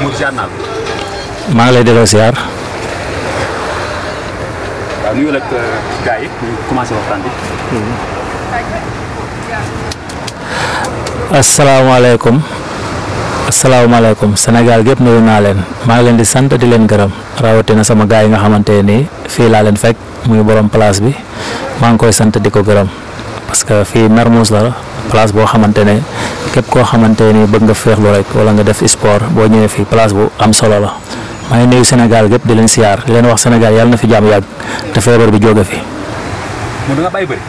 Mour maa ngi lay delloo ziar. waaw nuyuwul euh, ak senegaal yi ñu commencé naa leen maa ngi leen di sant di leen gërëm rawatina sama gars yi nga xamante ni fii laa leen fekk muy borom place bi maa ngi koy sant di ko gërëm parce que fii Mermoz la. place boo xamante ne képp koo xamante ni bëgg nga féexlu rek wala nga def sport boo ñëwee fii place bu am solo la maa ngi nuyu Sénégal gépp di leen siyaar di leen wax Sénégal yàlla na fi jàmm yàgg te feebar bi jóge fi. moom bàyyi bëri.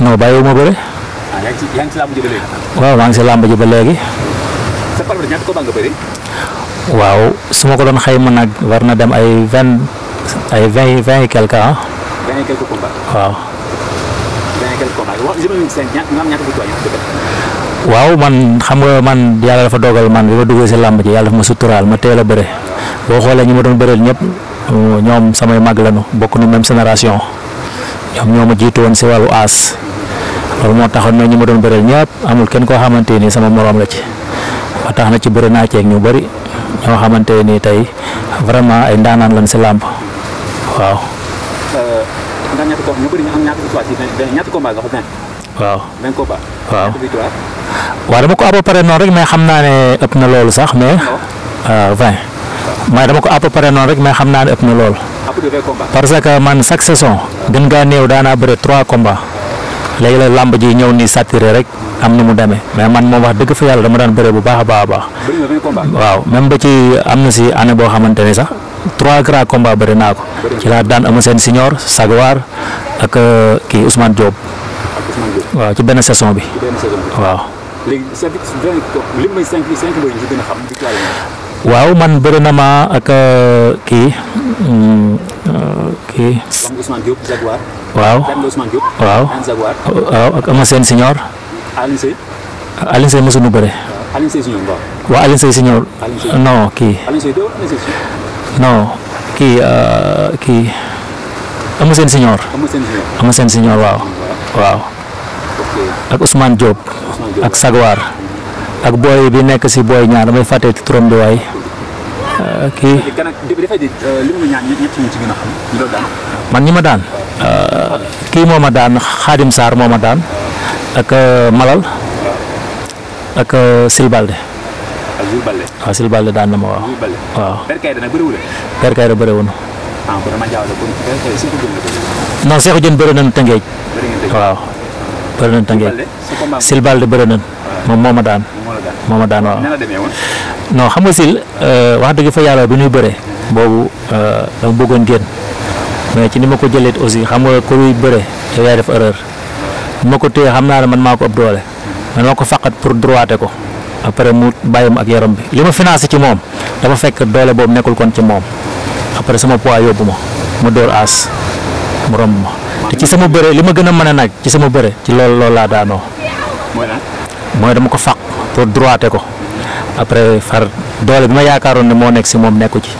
ma bëri. ba léegi. waaw maa ngi si làmb ba léegi. sa par ñaata waaw su ma ko doon xayma nag war na dem ay vingt ay vingt quelque ah. waaw. waaw man xam nga man yàlla dafa dogal man bi ma duggee si làmb ji yàlla dafa ma suturaal ma teel a bëre boo xoolee ñu ma doon bëreel ñëpp ñoom samay mag lañu bokk nu même sénération ñoom ñoo ma jiitu woon si wàllu aas loolu moo taxoon ñoo ñu ma doon bëreel ñëpp amul kenn koo xamante ni sama moroom la ci ba tax na ci bëri naa ceeg ñu bari ñoo xamante nii tey vraiment ay ndaanaan lañ si làmb waaw. nga am ñetti ko ñu bëri ñu am ñaata victoire ko vingt waaw vingt combat waaw victoire dama ko à peu près noonu rek mais xam naa ne ëpp na loolu sax mais euh, vingt mais dama ko à peu près noonu rek mais xam naa ne ëpp na loolu parce que man chaque saison gën gaa néew daanaa bëri trois combats léegi la làmb ji ñëw nii saturé rek am nu mu demee mais man moom wax dëgg fa yàlla dama daan bëre bu baax a baax a baax waaw même ba ci am na si année boo xamante ni sax trois grands combats bëri naa ko ci laa daan ama seen senior Sagwar ak euh, kii Ousmane Diop waaw ci benn saison bi waaw. man bëri na ma ak euh, kii mm, euh, kii. waaw waaw ak ama seen senior. Alioune Seye mësuñu waaw Alioune Seye non kii. non kii euh, kii Eumeu Sène Senior. Eumeu Sène waaw. waaw ak Ousmane Diop. ak Sagwar. ak booy bi nekk si booy ñaar damay fàtte euh, euh, ci turam waay. kii man ñi ma daan. kii moo ma daan Xaadim Sarr moo ma daan. ak Malal. ak Sri Jules Baldé. waaw daan na ma waaw. waaw Père Kayda nag bëriwul. Seexu Jën la na non Seexu Jën bëri nañu Tëngéej. waaw bëri nañu Tëngéej. Jules Baldé bëri nañu. moom a ma daan. moo ma daan waaw. non xam nga Jules euh, wax dëgg fa yàlla bi ñuy bëree. boobu euh, dama bëggoon génn. mais ci ni ma ko jëleet aussi xam nga ko luy bëre yow yaay def erreur ma ko téye xam naa ne man maa ko ëpp doole mm-hmm. man ma ko faqat pour droité ko après mu bàyyi ma ak yaram bi li ma financé ci moom dafa fekk doole boobu nekkul kon ci moom après sama poids yóbbu ma mu dóor aas mu romb ma te ci sama bëre li ma gën a mën a nag ci sama bëre ci loolu loolu laa daanoo mooy dama ko faq pour droité ko après far doole bi ma yaakaaroon ne moo nekk si moom nekku ci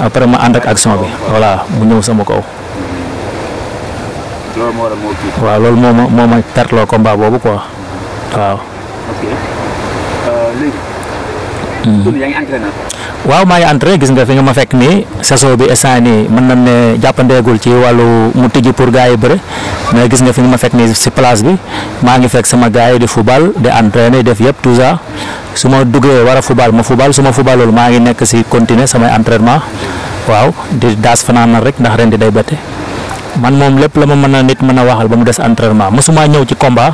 après ma ànd ak action bi voilà mu ñëw sama kaw. waaw loolu moom ma a ma tartloo combat boobu quoi waaw. Mm-hmm. waaw maa ngi entré gis nga fi nga ma fekk nii saison bi instant nii mën nañ ne jàppandeegul ci wàllu mu tijji pour gars yi bëre mais gis nga fi nga ma fekk nii si place bi maa ngi fekk sama gars yi di football di entraîner def yëpp tout ça su ma duggee wara a football ma football su ma footballul maa ngi nekk si continuer samay entraînement waaw di daas fanaan rek ndax ren day bette man moom lépp la ma mën naa nit mën a waxal ba mu des entraînement mësuma ñëw ci combat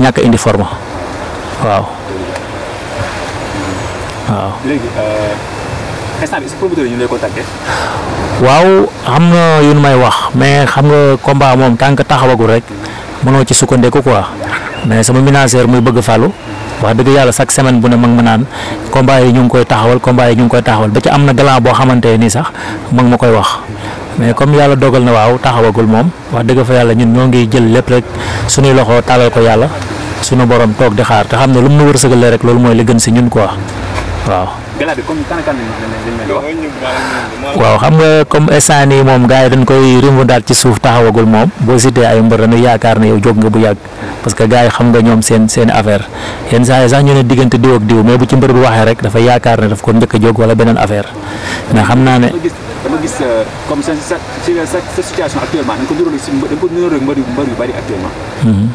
ñàkk indi forme Ah. Eh, eh, waaw xam nga yu nu may wax mais xam nga combat moom tànk que taxawagul rek mënoo ci sukkandiku quoi mais sama manager muy bëgg fàllu wax dëgg yàlla chaque semaine bu ne mag ma naan combat yi ñu ngi koy taxawal combat yi ñu ngi koy taxawal ba ci am na galan boo xamante nii sax mag ma koy wax mais comme yàlla dogal na waaw taxawagul moom wax dëgg fa yàlla ñun ñoo ngi jël lépp rek suñuy loxo taalal ko yàlla suñu borom toog di xaar te xam ne lu mu nu wërsëgalee rek loolu mooy li gën si ñun quoi. waaw. waaw xam nga comme instant nii moom gars yi dañ koy rimbundaat ci suuf taxawagul moom boo cité ay mbër dañuy yaakaar na yow jóg nga bu yàgg parce que gars yi xam nga ñoom seen seen affaire yenn saa yi sax ñu ne diggante diw ak diw mais bu ci mbër bi waxee rek dafa yaakaar ne daf ko njëkk a jóg wala beneen affaire mais xam naa ne. Euh, comme sa sa sa situation actuellement da nga ko niróo si mhm.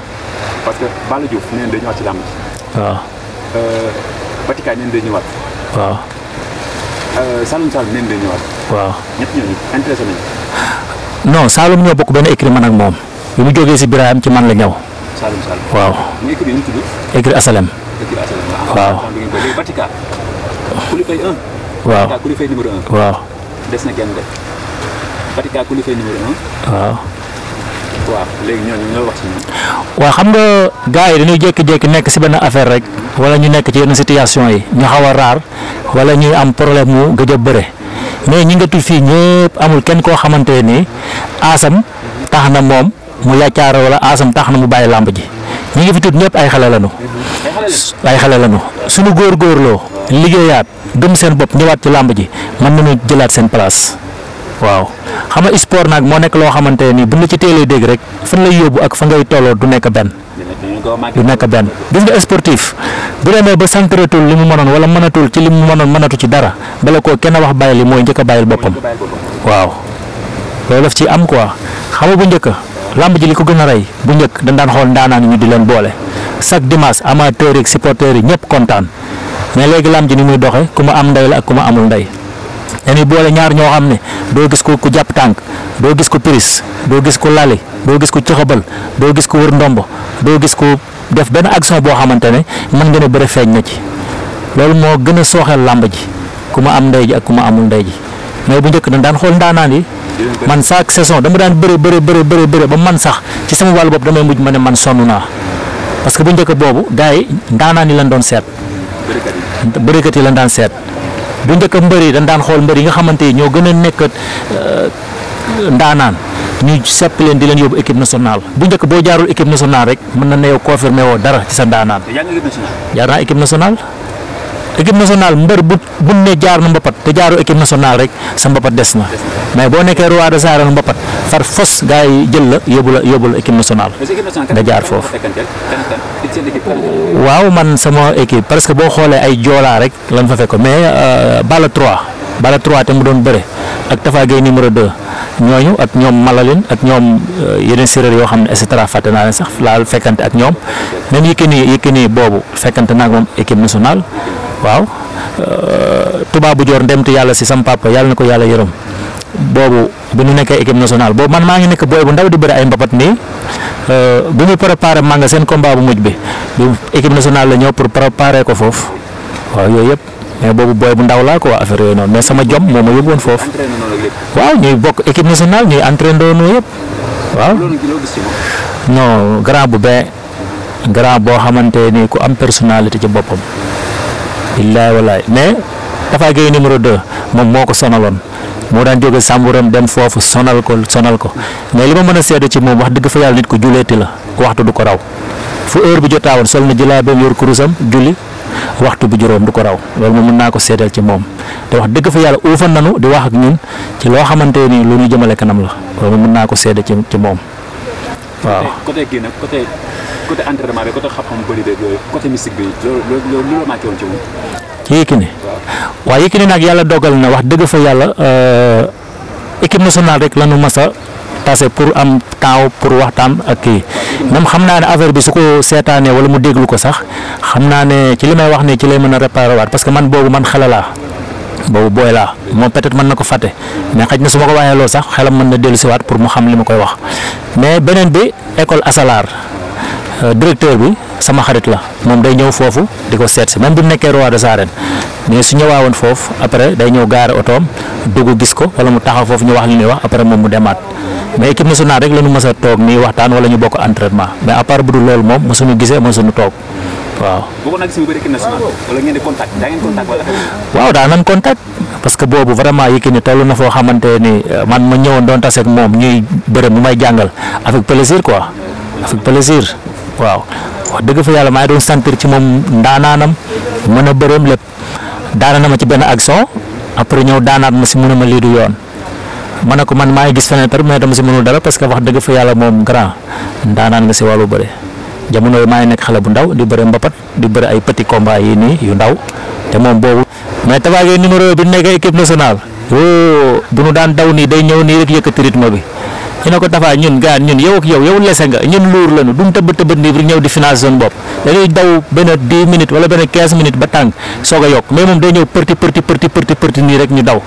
parce que Balla Diouf nee na dañu waaw. Euh, Batika neen day ñëwaat. waaw. Euh, Saloum Saloum neen day ñëwaat. waaw ñëpp ñooñu intéressé nañu. non Saloum ñoo bokk benn écrit man ak moom bi mu jógee si Birahim ci man la ñëw. Saloum Saloum waaw. ñu écrit ñu waaw. waaw na kenn de waaw. waaw léegi ñooñu ñoo wax ci ñoom. waaw xam nga gars yi dañuy jékki-jékki nekk si benn affaire rek wala ñu nekk ci yenn situation yi ñu xaw a raar wala ñuy am problème mu gëj a bëre mais ñi nga tudd fii ñëpp amul kenn koo xamante ni aasam tax na moom mu yàccaar wala aasam na mu bàyyi làmb ji ñi ngi fi ñëpp ay xale lañu. ay xale lañu suñu góor góorgóorloo liggéeyaat gëm seen bopp ñëwaat ci làmb ji mën nañu jëlaat seen place waaw. xam nga sport nag moo nekk loo xamante nii buñ la ci teelee dégg rek fan lay yóbbu ak fa ngay tolloo du nekk benn. du nekk benn gis nga sportif bu demee ba santaretul li mu mënoon wala mënatul ci li mu mënoon mënatu ci dara bala ko kenn wax bàyyi li mooy njëkk a bàyyil boppam waaw loolu daf ci am quoi xam nga bu njëkk làmb ji li ko gën a rey bu njëkk dañ daan xool ndaanaan ñu di leen boole chaque dimanche amateurs yi supporters yi ñëpp kontaan mais léegi làmb ni muy doxe ku ma am ndey ku ma amul ndey dañuy boole ñaar ñoo xam ne doo gis ko jàpp tànk doo gis ko piris doo gis ko lali doo gis ko coxabal doo gis ko wër ndombo doo gis ko def benn action boo xamante ne mën nga ne bëre feeñ na ci loolu moo gën a sooxeel làmb ji ku ma am ndey ji ak ku ma amul ndey ji mais bu njëkk dañ daan xool ndaanaan yi man chaque saison dama daan bëre bëre bëre bëre ba man sax ci sama wàll bopp damay mujj ma ne man sonn naa parce que bu njëkk boobu gars yi ndaanaan yi lañ doon seet. bërëkat yi lañ daan seet. bu njëkk a mbër yi dañ daan xool mbër yi nga xamante ni ñoo gën a nekk euh, ndaanaan ñu sepp leen di leen yóbbu équipe nationale bu njëkk boo jaarul équipe nationale rek mën na ne yow confirmé woo dara ci sa ndaanaan. jaar naa équipe nationale. équipe nationale mbër bu bu ne jaar na mbapat te jaarul équipe nationale rek sa mbapat des na mais boo nekkee roi de saaraan mbapat far fos gars yi jël la yóbbu la yóbbu la équipe nationale nga jaar foofu waaw man sama équipe parce que boo xoolee ay joolaa rek lan fa fekk mais bala 3 bala 3 te mu doon bëre ak Tafa Gueye numéro 2 ñooñu ak ñoom Malalin ak ñoom euh, yeneen séeréer yoo xam ne et cetera fàtte naa ne sax laal fekkante ak ñoom même Yékini Yékini boobu fekkante naa moom équipe nationale waaw euh, Touba bu Dior ndemtu yàlla si sam papa yàlla na ko yàlla yërëm boobu bu ñu nekkee équipe nationale boobu man maa ngi nekk booy bu ndaw di bëri ay mbapat nii euh, bu muy préparé maa nga seen combat bu mujj bi bu équipe nationale la ñëw pour préparer ko foofu waaw yooyu yëpp mais boobu booy bu ndaw laa ko waa affaire yooyu noonu sama jom moo ma yóbbu woon foofu waaw ñuy bokk équipe bu benn boo xamante ni ku am personnalité ci boppam billaay walaay moom moo ko sonaloon moo daan jóge sàmburam dem foofu sonal ko sonal ko mais li ma mën a seede ci moom wax dëgg fa yàlla nit ko juleeti la waxtu du ko raw fu heure bi jotaawoon sol na jëlaabeem yor kurusam julli waxtu bu juróom du ko raw loolu moom mën naa ko seedeel ci moom wax dëgg fa yàlla uufan nanu di wax ak ñun ci loo xamante ni lu ñu jëmale kanam la mën naa ko seede ci ci moom waaw. côté gi nag côté côté entraînement bi côté xam-xam bëri beeg bi loolu loolu Yékini waaw Yékini nag yàlla dogal na wax dëgg fa yàlla euh, équipe nationale rek la ñu mas a tase pour am temps pour waxtaan ak kii même xam naa ne affaire bi su ko seetaanee wala mu déglu ko sax xam naa ne ci li may wax ne ci lay mën a réparer waat parce que man boobu man xale laa boobu booy laa moom peut-être mën na ko fàtte mais xaj na su ma ko waxee loolu sax xelam mën na dellu siwaat pour mu xam li ma koy wax mais beneen bi école asalaar. Euh, directeur bi sama xarit la moom day ñëw foofu di ko seet si moom bu nekkee roi des arènes mais su ñëwaa woon foofu après day ñëw gaare otoom dugg gis ko wala mu taxaw foofu ñu wax li ñuy wax après moom mu demaat mais équipe nationale rek la ñu mës a toog nii waxtaan wala ñu bokk entraînement mais à part bu dul loolu moom mosuñu gisee mosuñu toog waaw. bokkoon ak si biir équipe nationale wala ngeen daa ngeen contact parce que boobu vraiment Yékini toll na foo xamante ni euh, man ma ñëwoon doon tase ak moom ñuy bëre mu may jàngal avec plaisir quoi avec waaw wax dëgg fa yàlla maa ngi doon sentir ci moom ndaanaanam mën a bëreem lépp daana na ma ci benn action après ñëw daanaat ma si mën ma lii du yoon ma ne ko man maa ngi gis feneen par mais dama si mënul dara parce que wax dëgg fa yàlla moom grand ndaanaan nga si wàllu bëre jamono yi maa ngi nekk xale bu ndaw di bëre mbapat di bëre ay petit combat yi nii yu ndaw te moom boobu. mais Tapha Gueye numéro bi nekk équipe nationale. Oh, bu nu daan daw nii day ñëw nii rek yëkkati rythme bi. ñu ne ko Tapha ñun gaan ñun yow ak yow lese nga ñun luur lañu duñ tëbba tëbba ndib ñëw di finance zone bopp dañuy daw benn 10 minutes wala benn 15 minutes ba tàng soog a yokk mais moom day ñëw përti përti përti përti përti nii rek ñu daw.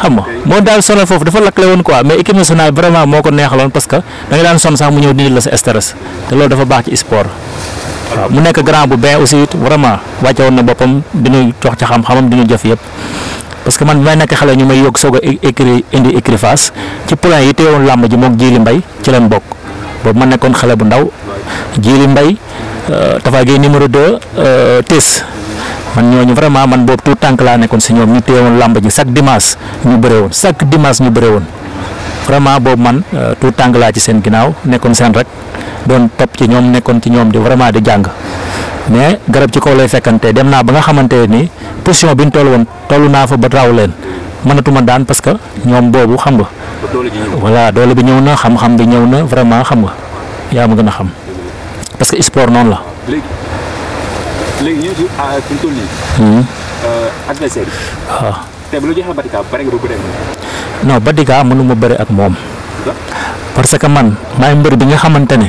xam nga moo daal sonal foofu dafa lakkle woon quoi mais équipe nationale vraiment moo ko neexaloon parce que da nga daan son sax mu ñëw dindi la sa stress te loolu dafa baax ci sport. waaw mu nekk grand bu aussi it vraiment wàcce woon na boppam dinu jox ci xam-xamam dinu yëpp. parce que man may nekk xale ñu may yokk soog a écri indi écri face ci plan yi teewoon làmb ji moog Djily mbay ci leen bokk boobu ma nekkoon xale bu ndaw Djily Mbaye dafa euh, Gueye numéro 2 euh, Tess man ñooñu vraiment man boobu tout tànk laa nekkoon si ñoom ñu teewoon làmb ji chaque dimanche ñu bëre woon chaque dimanche ñu bëre woon vraiment boobu man euh, tout tànk laa ci seen ginnaaw nekkoon seen rek doon topp ci ñoom nekkoon ci ñoom di vraiment di jàng. mais garab ci kaw lay fekkante dem naa ba nga xamante ni position bi ñu toll woon toll naa fa ba raw leen mënatuma daan parce que ñoom boobu xam nga. voilà doole bi ñëw na xam-xam bi ñëw na vraiment xam nga yaa ma gën a xam parce que sport noonu la. léegi léegi ñu ah, hmm? euh, ah. bëri ak moom. parce que man maay mbër bi nga xamante ne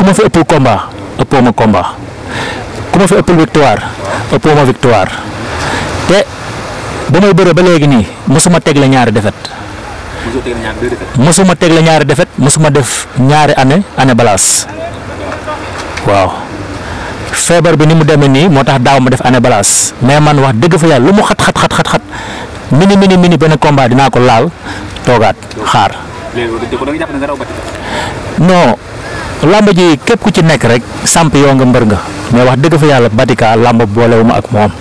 ku ma fi ëpp combat. ëppoo ma combat ku ma fi ëppal victoire ëppoo victoire te ba may bëre ba léegi nii masuma teg la ñaari défaite mosuma teg la ñaari défaite mosuma def ñaari année année balaas waaw feebar bi ni mu demee nii moo tax daaw ma def année balaas mais man wax dëgg fa yàlla lu mu xat xat xat xat xat mini mini mini benn combat dinaa ko laal toogaat xaar. non. làmb ji képp ku ci nekk rek samp yoo nga mbër nga mais wax dëgg fa yàlla Batika làmb boolewuma ak moom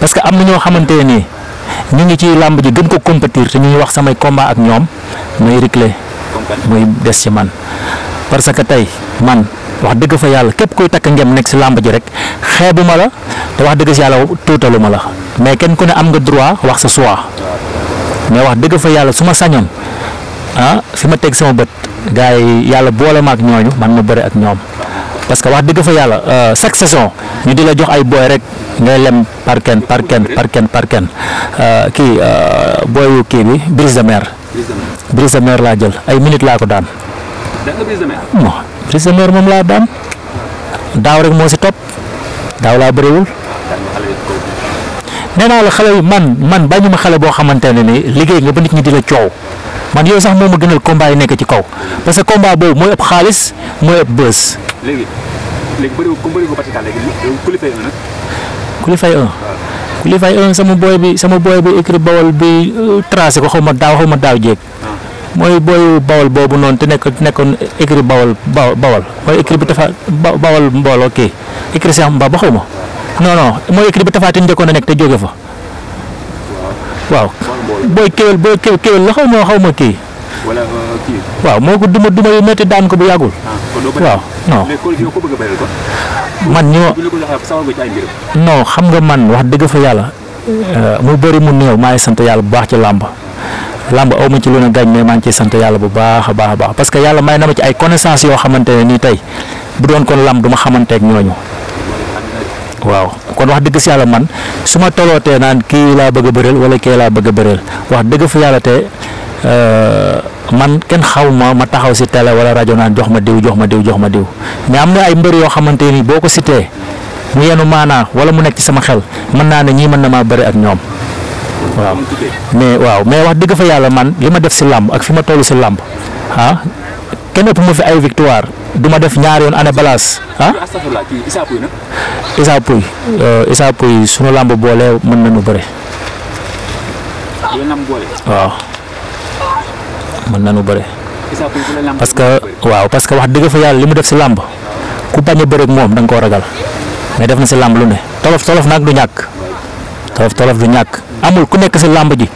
parce que am na ñoo xamante ne nii ñu ngi ciy làmb ji gën ko compétir te ñu ngi wax samay combat ak ñoom muy réglé muy des ci man parce que tey man wax dëgg fa yàlla képp kuy takk ngem nekk si làmb ji rek xeebuma la te wax dëgg si yàlla tuutaluma la mais kenn ku ne am nga droit wax sa choix mais wax dëgg fa yàlla su ma sañoon ah fi ma teg sama bët. gars yi yàlla boole ma ak ñooñu man ma bëri ak ñoom parce que wax dëgg fa yàlla euh, chaque saison ñu di la jox ay booy rek ngay lem par kenn par kenn par kenn par kenn euh, kii euh, booyu kii bi brise de mer. brise de mer laa jël ay minutes laa ko daan. non brise de mer moom laa daan daaw rek moo si topp daaw laa bëriwul. nee naa la xale yi man man bañu ma xale boo xamante ne ni liggéey nga ba nit ñi di la coow. man yooyu sax moo ma gënal combat yi nekk ci kaw parce que combat boobu mooy ëpp xaalis mooy ëpp bës. léegi léegi bëriwul ku bëriwul ba ci daal léegi sama booy bi sama booy bi écrit bawal bi euh, tracé ko xaw ma daaw xaw ma daaw jéeg. Ah. mooy booyu bawal boobu noonu te nekk nekkoon écrit bawal bawal mooy écrit bi tafa bawal mbooloo kii écrit Cheikh ba xaw ma non non mooy écrit bi Tapha njëkkoon a nekk te jóge fa. waaw booy kéwél booy kéwél la xaw ma xaw ma kii. wala uh, waaw moo ko duma duma yu métti daan ko bu yàggul. Ah, waaw non man ñoo non xam nga man wax dëgg fa yàlla. Euh, mu bëri mu néew maa ngi sant yàlla bu baax ci làmb làmb aw ma ci loolu gaañ mais maa ngi ciy bu baax a baax a parce que yàlla may na ma ci ay connaissance yoo xamante ne nii tey bu doon kon làmb du ma xamante ak ñooñu. waaw kon wax dëgg si yàlla man su ma tolootee naan kii laa bëgg a bëreel wala kii laa bëgg a bëreel wax dëgg fu yàlla te euh, man kenn xaw ma ma taxaw si télé wala rajo naan jox ma diw jox ma diw jox ma diw mais am na ay mbër yoo xamante nii boo ko cité mu yenu maanaa wala mu nekk ci sama xel mën naa ne ñii mën na maa bëri ak ñoom waaw mais waaw mais wax dëgg fa yàlla man li ma def si làmb ak fi ma toll si làmb ah, kenn ëpp ma fi ay victoire du ma def ñaari yoon année balance ah. Issa Pouye Issa euh, sunu làmb boole mën na bëre. Ah. waaw mën nañu bëre. parce que waaw parce que wax dëgg fa yàlla li mu def si làmb ku bañ a moom da ko ragal mais def na si làmb lu ne tolof tolof nag du ñàkk tolof tolof du ñàkk amul ku nekk si làmb ji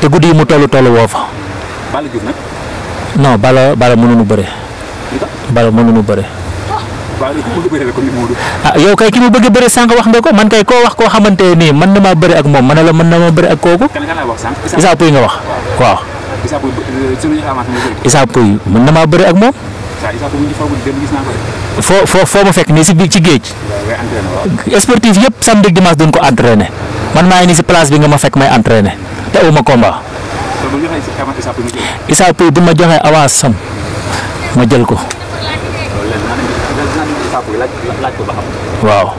te guddi yi mu tollu tollu woo fa. non bala bala mënuñu bëre. Balla mënuñu bëre. ah yow kay ki mu bëgg bëre sànq wax nga ko man kay koo wax koo xamante nii man na maa bëre ak moom man la mën na ma bëre ak kooku. Issa Pouye nga wax waaw. Issa Pouye mën na maa bëre ak moom. foo foo foo fekk nii si biir ci géej. sportif yëpp samedi dimanche duñ ko entraîné man maa ngi nii si place bi nga ma fekk may entraîné te uma combat. Issa bu ma joxee avance sam. ma jël ko. waaw.